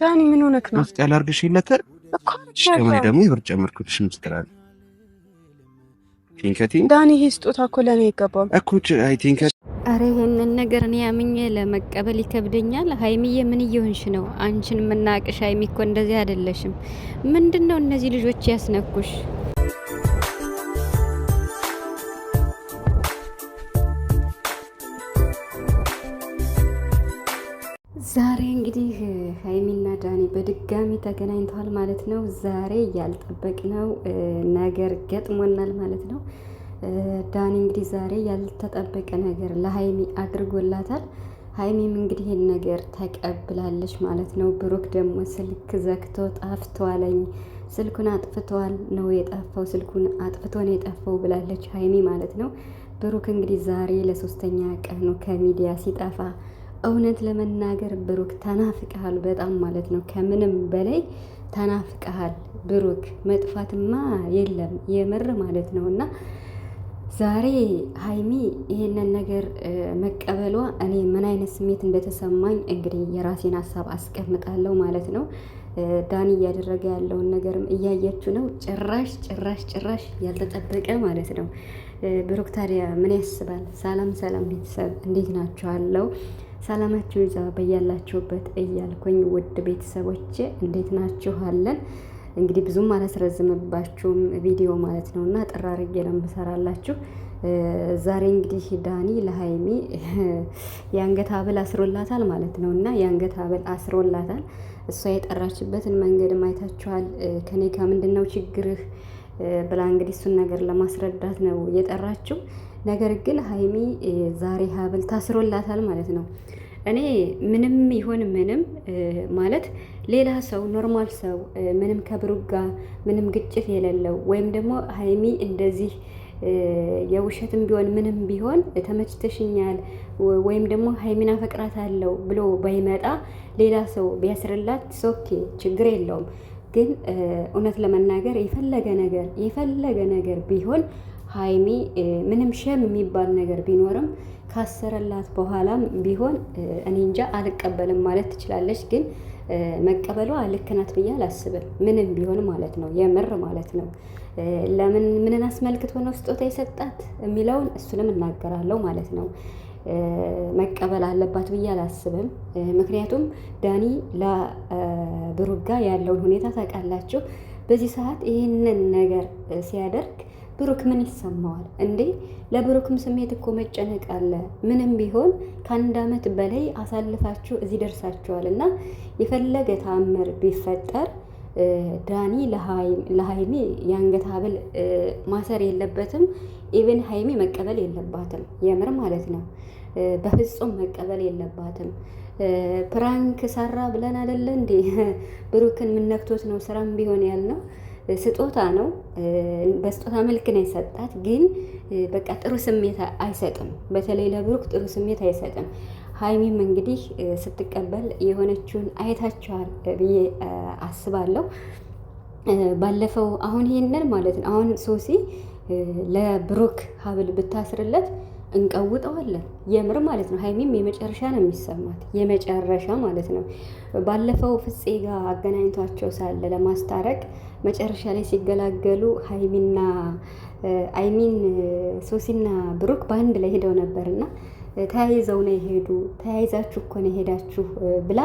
ዳኒ ምን ሆነክ ነው? ውስጥ ያላርግሽ ይለተር እኮ ሸማይ ደግሞ ይብር ጨምርኩልሽ ምስትራል ቲንከቲ ዳኒ ይሄ ስጦታ እኮ ለኔ ይገባል እኮ አይ ቲንከ አረ ይሄንን ነገር እኔ አምኜ ለመቀበል ይከብደኛል። ሀይሚዬ ምን እየሆንሽ ነው? አንቺን የምናቅሽ ሀይሚ እኮ እንደዚህ አይደለሽም። ምንድነው እነዚህ ልጆች ያስነኩሽ? እንግዲህ ሀይሚና ዳኒ በድጋሚ ተገናኝተዋል ማለት ነው። ዛሬ ያልጠበቅነው ነገር ገጥሞናል ማለት ነው። ዳኒ እንግዲህ ዛሬ ያልተጠበቀ ነገር ለሀይሚ አድርጎላታል። ሀይሚም እንግዲህ ይህን ነገር ተቀብላለች ማለት ነው። ብሩክ ደግሞ ስልክ ዘግቶ ጠፍቷለኝ፣ ስልኩን አጥፍቷል ነው የጠፋው፣ ስልኩን አጥፍቶ ነው የጠፋው ብላለች ሀይሚ ማለት ነው። ብሩክ እንግዲህ ዛሬ ለሶስተኛ ቀኑ ከሚዲያ ሲጠፋ እውነት ለመናገር ብሩክ ተናፍቀሃል፣ በጣም ማለት ነው። ከምንም በላይ ተናፍቀሃል ብሩክ። መጥፋትማ የለም የምር ማለት ነው እና ዛሬ ሀይሚ ይሄንን ነገር መቀበሏ እኔ ምን አይነት ስሜት እንደተሰማኝ እንግዲህ የራሴን ሀሳብ አስቀምጣለሁ ማለት ነው። ዳኒ እያደረገ ያለውን ነገርም እያያችሁ ነው። ጭራሽ ጭራሽ ጭራሽ ያልተጠበቀ ማለት ነው። ብሩክ ታዲያ ምን ያስባል? ሰላም ሰላም ቤተሰብ እንዴት ናችኋለሁ? ሰላማችሁ ይዛ በያላችሁበት እያልኩኝ ውድ ቤተሰቦች እንዴት ናችኋለን? እንግዲህ ብዙም አላስረዝምባችሁም ቪዲዮ ማለት ነው እና ጥራርጌ ነው ዛሬ እንግዲህ ዳኒ ለሀይሚ የአንገት ሀብል አስሮላታል ማለት ነው እና የአንገት ሀብል አስሮላታል። እሷ የጠራችበትን መንገድ ማየታችኋል ከኔ ከምንድን ነው ችግርህ ብላ እንግዲህ እሱን ነገር ለማስረዳት ነው የጠራችው። ነገር ግን ሀይሚ ዛሬ ሀብል ታስሮላታል ማለት ነው። እኔ ምንም ይሁን ምንም ማለት ሌላ ሰው ኖርማል ሰው ምንም ከብሩጋ ጋር ምንም ግጭት የሌለው ወይም ደግሞ ሀይሚ እንደዚህ የውሸትም ቢሆን ምንም ቢሆን ተመችተሽኛል ወይም ደግሞ ሀይሚን አለው ብሎ ባይመጣ ሌላ ሰው ቢያስርላት ሶኬ ችግር የለውም። ግን እውነት ለመናገር የፈለገ ነገር የፈለገ ነገር ቢሆን ሀይሚ ምንም ሸም የሚባል ነገር ቢኖርም ካሰረላት በኋላም ቢሆን እኔ እንጃ አልቀበልም ማለት ትችላለች። ግን መቀበሏ ልክ ናት ብዬ አላስብም። ምንም ቢሆን ማለት ነው፣ የምር ማለት ነው። ለምን ምንን አስመልክቶ ነው ስጦታ የሰጣት የሚለውን እሱንም እናገራለሁ ማለት ነው። መቀበል አለባት ብዬ አላስብም። ምክንያቱም ዳኒ ለብሩጋ ያለውን ሁኔታ ታውቃላችሁ። በዚህ ሰዓት ይህንን ነገር ሲያደርግ ብሩክ ምን ይሰማዋል እንዴ? ለብሩክም ስሜት እኮ መጨነቅ አለ። ምንም ቢሆን ከአንድ ዓመት በላይ አሳልፋችሁ እዚህ ደርሳችኋል እና የፈለገ ተአምር ቢፈጠር ዳኒ ለሀይሚ የአንገት ሀብል ማሰር የለበትም። ኢቨን ሀይሚ መቀበል የለባትም። የምር ማለት ነው፣ በፍጹም መቀበል የለባትም። ፕራንክ ሰራ ብለን አይደለ እንዴ? ብሩክን ምነክቶት ነው ስራም ቢሆን ያልነው ስጦታ ነው። በስጦታ መልክ ነው የሰጣት፣ ግን በቃ ጥሩ ስሜት አይሰጥም። በተለይ ለብሩክ ጥሩ ስሜት አይሰጥም። ሀይሚም እንግዲህ ስትቀበል የሆነችውን አይታችኋል ብዬ አስባለሁ። ባለፈው አሁን ይሄንን ማለት ነው አሁን ሶሲ ለብሩክ ሀብል ብታስርለት እንቀውጠዋለን። የምር ማለት ነው። ሀይሚም የመጨረሻ ነው የሚሰማት የመጨረሻ ማለት ነው። ባለፈው ፍፄ ጋር አገናኝቷቸው ሳለ ለማስታረቅ መጨረሻ ላይ ሲገላገሉ ሀይሚና አይሚን ሶሲና ብሩክ በአንድ ላይ ሄደው ነበርና ተያይዘው ነው የሄዱ። ተያይዛችሁ እኮ ነው የሄዳችሁ ብላ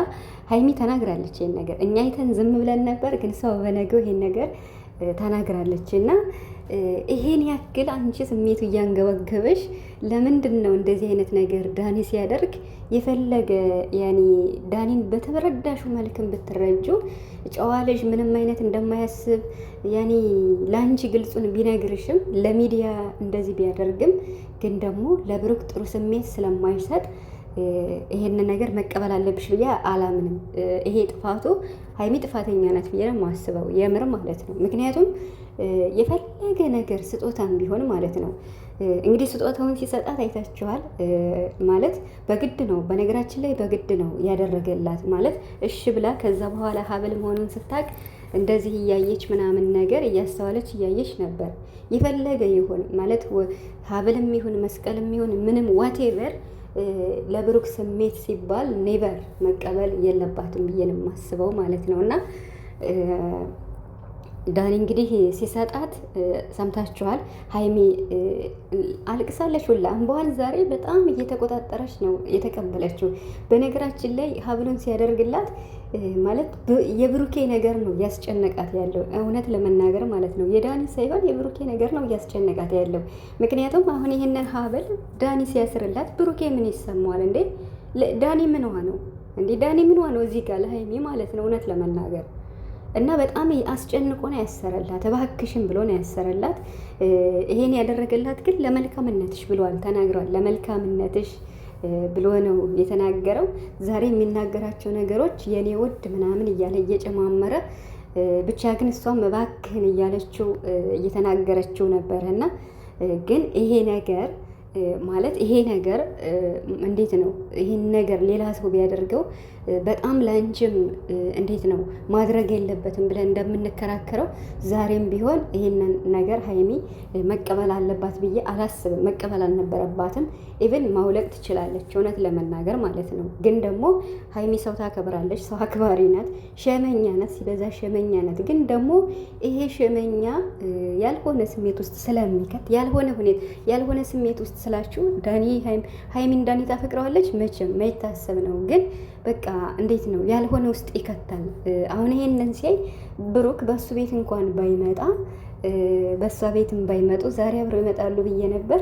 ሀይሚ ተናግራለች። ይሄን ነገር እኛ አይተን ዝም ብለን ነበር፣ ግን ሰው በነገው ይሄን ነገር ተናግራለች እና ይሄን ያክል አንቺ ስሜቱ እያንገበገበሽ ለምንድን ነው እንደዚህ አይነት ነገር ዳኒ ሲያደርግ የፈለገ ያኔ ዳኒን በተበረዳሹ መልክም ብትረጁ ጨዋ ልጅ ምንም አይነት እንደማያስብ ያኔ ለአንቺ ግልጹን ቢነግርሽም ለሚዲያ እንደዚህ ቢያደርግም ግን ደግሞ ለብሩክ ጥሩ ስሜት ስለማይሰጥ ይሄንን ነገር መቀበል አለብሽ ብዬ አላምንም። ይሄ ጥፋቱ ሀይሚ ጥፋተኛ ናት ብዬ ነው የማስበው፣ የምር ማለት ነው። ምክንያቱም የፈለገ ነገር ስጦታም ቢሆን ማለት ነው እንግዲህ ስጦታውን ሲሰጣት አይታችኋል። ማለት በግድ ነው፣ በነገራችን ላይ በግድ ነው ያደረገላት ማለት እሺ ብላ ከዛ በኋላ ሀብል መሆኑን ስታቅ እንደዚህ እያየች ምናምን ነገር እያስተዋለች እያየች ነበር። የፈለገ ይሁን ማለት ሀብልም ይሁን መስቀልም ይሁን ምንም ዋቴቨር ለብሩክ ስሜት ሲባል ኔቨር መቀበል የለባትም ብዬ ነው የማስበው ማለት ነው እና ዳኒ እንግዲህ ሲሰጣት ሰምታችኋል። ሀይሚ አልቅሳለች ሁላ እንበዋል። ዛሬ በጣም እየተቆጣጠረች ነው የተቀበለችው። በነገራችን ላይ ሀብሉን ሲያደርግላት ማለት የብሩኬ ነገር ነው እያስጨነቃት ያለው እውነት ለመናገር ማለት ነው። የዳኒ ሳይሆን የብሩኬ ነገር ነው እያስጨነቃት ያለው። ምክንያቱም አሁን ይህንን ሀብል ዳኒ ሲያስርላት ብሩኬ ምን ይሰማዋል እንዴ? ዳኒ ምንዋ ነው እንዴ? ዳኒ ምንዋ ነው እዚህ ጋር ለሀይሚ ማለት ነው እውነት ለመናገር እና በጣም አስጨንቆ ነው ያሰረላት። እባክሽን ብሎ ነው ያሰረላት። ይሄን ያደረገላት ግን ለመልካምነትሽ ብሏል፣ ተናግሯል። ለመልካምነትሽ ብሎ ነው የተናገረው። ዛሬ የሚናገራቸው ነገሮች የኔ ውድ ምናምን እያለ እየጨማመረ ብቻ ግን እሷም እባክህን እያለችው እየተናገረችው ነበረ እና ግን ይሄ ነገር ማለት ይሄ ነገር እንዴት ነው? ይህን ነገር ሌላ ሰው ቢያደርገው በጣም ለአንቺም እንዴት ነው ማድረግ የለበትም ብለን እንደምንከራከረው ዛሬም ቢሆን ይህንን ነገር ሀይሚ መቀበል አለባት ብዬ አላስብም። መቀበል አልነበረባትም። ኢቨን ማውለቅ ትችላለች፣ እውነት ለመናገር ማለት ነው። ግን ደግሞ ሀይሚ ሰው ታከብራለች፣ ሰው አክባሪ ናት፣ ሸመኛ ናት፣ ሲበዛ ሸመኛ ናት። ግን ደግሞ ይሄ ሸመኛ ያልሆነ ስሜት ውስጥ ስለሚከት ያልሆነ ሁኔታ ያልሆነ ስሜት ውስጥ ስላችሁ ዳኒ ሀይሚን ዳኒ ታፈቅረዋለች መቼም ማይታሰብ ነው። ግን በቃ እንዴት ነው ያልሆነ ውስጥ ይከታል። አሁን ይሄንን ሲያይ ብሩክ በሱ ቤት እንኳን ባይመጣ በእሷ ቤትም ባይመጡ ዛሬ አብረው ይመጣሉ ብዬ ነበር።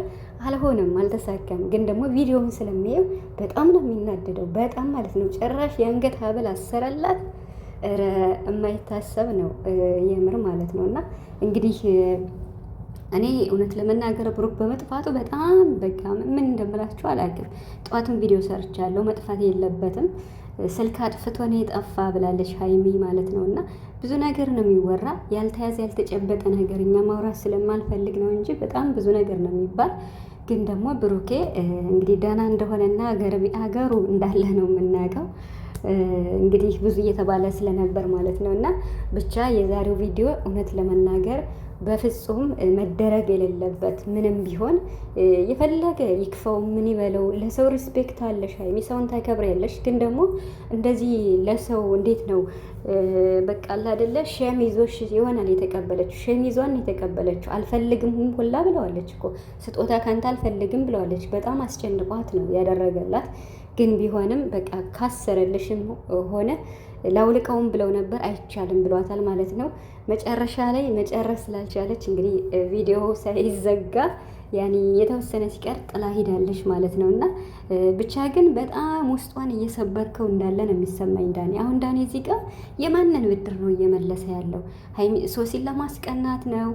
አልሆነም፣ አልተሳካም። ግን ደግሞ ቪዲዮውን ስለሚየው በጣም ነው የሚናደደው። በጣም ማለት ነው። ጭራሽ የአንገት ሀብል አሰራላት። ኧረ የማይታሰብ ነው የምር ማለት ነው። እና እንግዲህ እኔ እውነት ለመናገር ብሩክ በመጥፋቱ በጣም በቃ ምን እንደምላችሁ አላውቅም። ጠዋቱን ቪዲዮ ሰርቻለሁ። መጥፋት የለበትም ስልክ አጥፍቶ ነው የጠፋ ብላለች ሀይሚ ማለት ነው። እና ብዙ ነገር ነው የሚወራ ያልተያዘ ያልተጨበጠ ነገር እኛ ማውራት ስለማልፈልግ ነው እንጂ በጣም ብዙ ነገር ነው የሚባል። ግን ደግሞ ብሩኬ እንግዲህ ደህና እንደሆነና አገሩ እንዳለ ነው የምናውቀው። እንግዲህ ብዙ እየተባለ ስለነበር ማለት ነው እና ብቻ የዛሬው ቪዲዮ እውነት ለመናገር በፍጹም መደረግ የሌለበት ምንም ቢሆን የፈለገ ይክፈው ምን ይበለው፣ ለሰው ሪስፔክት አለሽ ሀይሚ፣ ሰውን ታከብሪያለሽ። ግን ደግሞ እንደዚህ ለሰው እንዴት ነው በቃ አለ አይደለ ሸም ይዞሽ ይሆናል የተቀበለችው። ሸም ይዟን የተቀበለችው አልፈልግም ሁላ ብለዋለች እኮ ስጦታ ካንተ አልፈልግም ብለዋለች። በጣም አስጨንቋት ነው ያደረገላት። ግን ቢሆንም በቃ ካሰረልሽም ሆነ ላውልቀውም ብለው ነበር አይቻልም ብሏታል ማለት ነው። መጨረሻ ላይ መጨረስ ስላልቻለች እንግዲህ ቪዲዮ ሳይዘጋ ያኔ የተወሰነ ሲቀር ጥላ ሄዳለች ማለት ነው። እና ብቻ ግን በጣም ውስጧን እየሰበርከው እንዳለ ነው የሚሰማኝ ዳኒ። አሁን ዳኒ እዚህ ጋር የማንን ብድር ነው እየመለሰ ያለው? ሶሲን ለማስቀናት ነው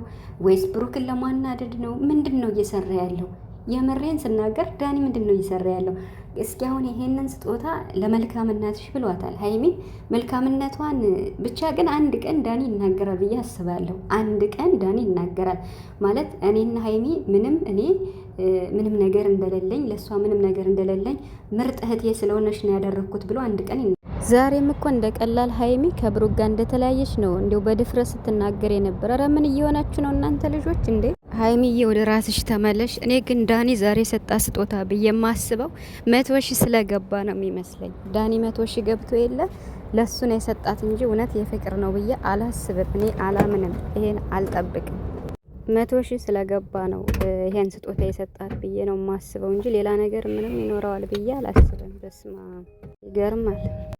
ወይስ ብሩክን ለማናደድ ነው? ምንድን ነው እየሰራ ያለው? የምሬን ስናገር ዳኒ ምንድን ነው እየሰራ ያለው? እስኪ አሁን ይሄንን ስጦታ ለመልካምነትሽ ብሏታል ሀይሚን መልካምነቷን ብቻ። ግን አንድ ቀን ዳኒ ይናገራል ብዬ አስባለሁ። አንድ ቀን ዳኒ ይናገራል ማለት እኔና ሀይሚ ምንም እኔ ምንም ነገር እንደሌለኝ ለእሷ ምንም ነገር እንደሌለኝ ምርጥ እህቴ ስለሆነች ነው ያደረግኩት ብሎ አንድ ቀን ዛሬም እኮ እንደ ቀላል ሀይሚ ከብሩክ ጋር እንደተለያየች ነው እንዲው በድፍረት ስትናገር የነበረ። ኧረ ምን እየሆናችሁ ነው እናንተ ልጆች እንዴ? ሀይሚዬ ወደ ራስሽ ተመለሽ። እኔ ግን ዳኒ ዛሬ ሰጣ ስጦታ ብዬ የማስበው መቶ ሺ ስለገባ ነው የሚመስለኝ። ዳኒ መቶ ሺ ገብቶ የለ ለሱ ነው የሰጣት እንጂ እውነት የፍቅር ነው ብዬ አላስብም። እኔ አላምንም፣ ይሄን አልጠብቅም። መቶ ሺ ስለገባ ነው ይሄን ስጦታ የሰጣት ብዬ ነው የማስበው እንጂ ሌላ ነገር ምንም ይኖረዋል ብዬ አላስብም። በስማ ይገርማል።